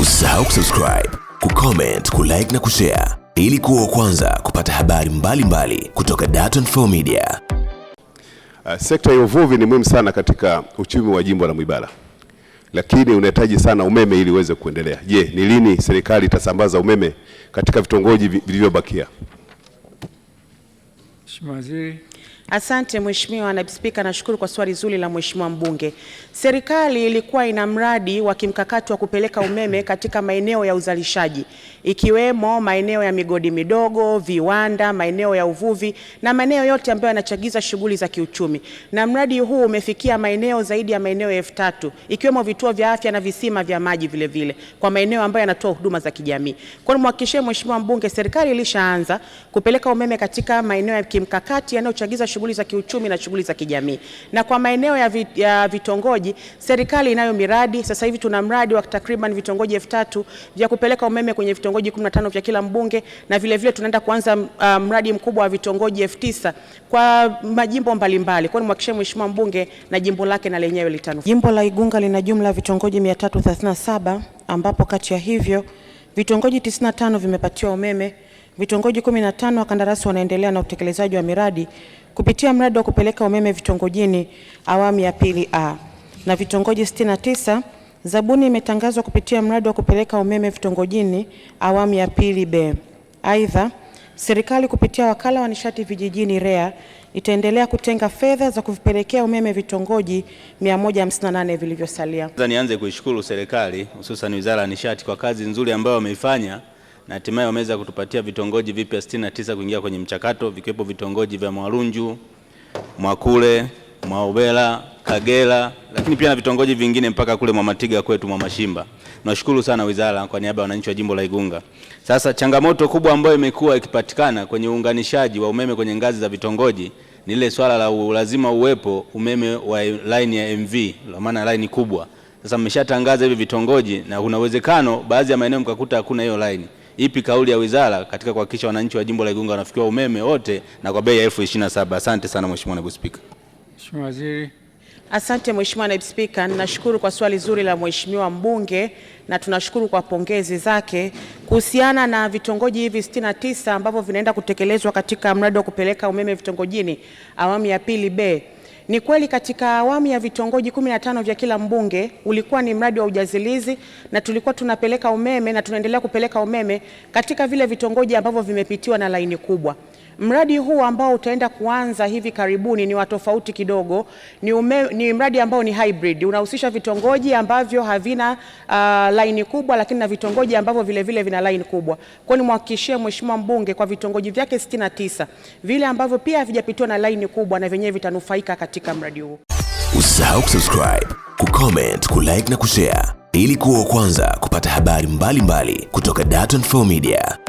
Usisahau kusubscribe, kucomment, kulike na kushare ili kuwa kwanza kupata habari mbalimbali mbali kutoka Dar24 Media. Uh, sekta ya uvuvi ni muhimu sana katika uchumi wa jimbo la Mwibara, lakini unahitaji sana umeme ili uweze kuendelea. Je, ni lini serikali itasambaza umeme katika vitongoji vilivyobakia? Mheshimiwa Waziri. Asante Mheshimiwa Naibu Spika, nashukuru kwa swali zuri la Mheshimiwa mbunge. Serikali ilikuwa ina mradi wa kimkakati wa kupeleka umeme katika maeneo ya uzalishaji ikiwemo maeneo ya migodi midogo, viwanda, maeneo ya uvuvi na maeneo yote ambayo yanachagiza shughuli za kiuchumi, na mradi huu umefikia maeneo zaidi ya maeneo elfu tatu ikiwemo vituo vya afya na visima vya maji vile vile kwa maeneo ambayo yanatoa huduma za kijamii. Kwa hiyo nimhakikishie Mheshimiwa mbunge, serikali ilishaanza kupeleka umeme katika maeneo ya kimkakati yanayochagiza shughuli za kiuchumi na shughuli za kijamii. Na kwa maeneo ya vitongoji, serikali inayo miradi. Sasa hivi tuna mradi wa takriban vitongoji elfu tatu vya kupeleka umeme kwenye vitongoji 15 vya kila mbunge, na vilevile tunaenda kuanza uh, mradi mkubwa wa vitongoji elfu tisa kwa majimbo mbalimbali. Kwa hiyo nimhakikishie mheshimiwa mbunge na jimbo lake na lenyewe litanufaika. Jimbo la Igunga lina jumla ya vitongoji 337 ambapo kati ya hivyo vitongoji 95 vimepatiwa umeme, vitongoji 15 wakandarasi wanaendelea na utekelezaji wa miradi kupitia mradi wa kupeleka umeme vitongojini awamu ya pili A na vitongoji 69. Zabuni imetangazwa kupitia mradi wa kupeleka umeme vitongojini awamu ya pili B. Aidha, serikali kupitia wakala wa nishati vijijini REA itaendelea kutenga fedha za kuvipelekea umeme vitongoji 158 vilivyosalia. Nianze kuishukuru serikali hususan Wizara ya Nishati kwa kazi nzuri ambayo wameifanya na hatimaye wameweza kutupatia vitongoji vipya 69 kuingia kwenye mchakato vikiwepo vitongoji vya Mwalunju, Mwakule, Mwaobela, Kagera, lakini pia na vitongoji vingine mpaka kule Mwamatiga kwetu Mwamashimba. Nashukuru sana wizara kwa niaba ya wananchi wa jimbo la Igunga. Sasa changamoto kubwa ambayo imekuwa ikipatikana kwenye uunganishaji wa umeme kwenye ngazi za vitongoji ni ile swala la lazima uwepo umeme wa line ya MV, kwa maana line kubwa. Sasa mmeshatangaza hivi vitongoji na kuna uwezekano baadhi ya maeneo mkakuta hakuna hiyo line ipi kauli ya wizara katika kuhakikisha wananchi wa jimbo la Igunga wanafikiwa umeme wote na kwa bei ya elfu ishirini Asante sana Mheshimiwa Naibu Spika. Mheshimiwa Waziri. Asante Mheshimiwa Naibu Spika, ninashukuru kwa swali zuri la Mheshimiwa mbunge na tunashukuru kwa pongezi zake kuhusiana na vitongoji hivi 69 ambavyo vinaenda kutekelezwa katika mradi wa kupeleka umeme vitongojini awamu ya pili B. Ni kweli katika awamu ya vitongoji 15 vya kila mbunge ulikuwa ni mradi wa ujazilizi, na tulikuwa tunapeleka umeme na tunaendelea kupeleka umeme katika vile vitongoji ambavyo vimepitiwa na laini kubwa. Mradi huu ambao utaenda kuanza hivi karibuni ni wa tofauti kidogo, ni, ume, ni mradi ambao ni hybrid, unahusisha vitongoji ambavyo havina uh, laini kubwa, lakini na vitongoji ambavyo vile vile vina laini kubwa. Kwa ni nimhakikishie mheshimiwa mbunge kwa vitongoji vyake 69 vile ambavyo pia havijapitiwa na laini kubwa, na vyenyewe vitanufaika katika mradi huu. Usisahau kusubscribe, kucomment, kulike na kushare ili kuwa wa kwanza kupata habari mbalimbali mbali kutoka Dar24 Media.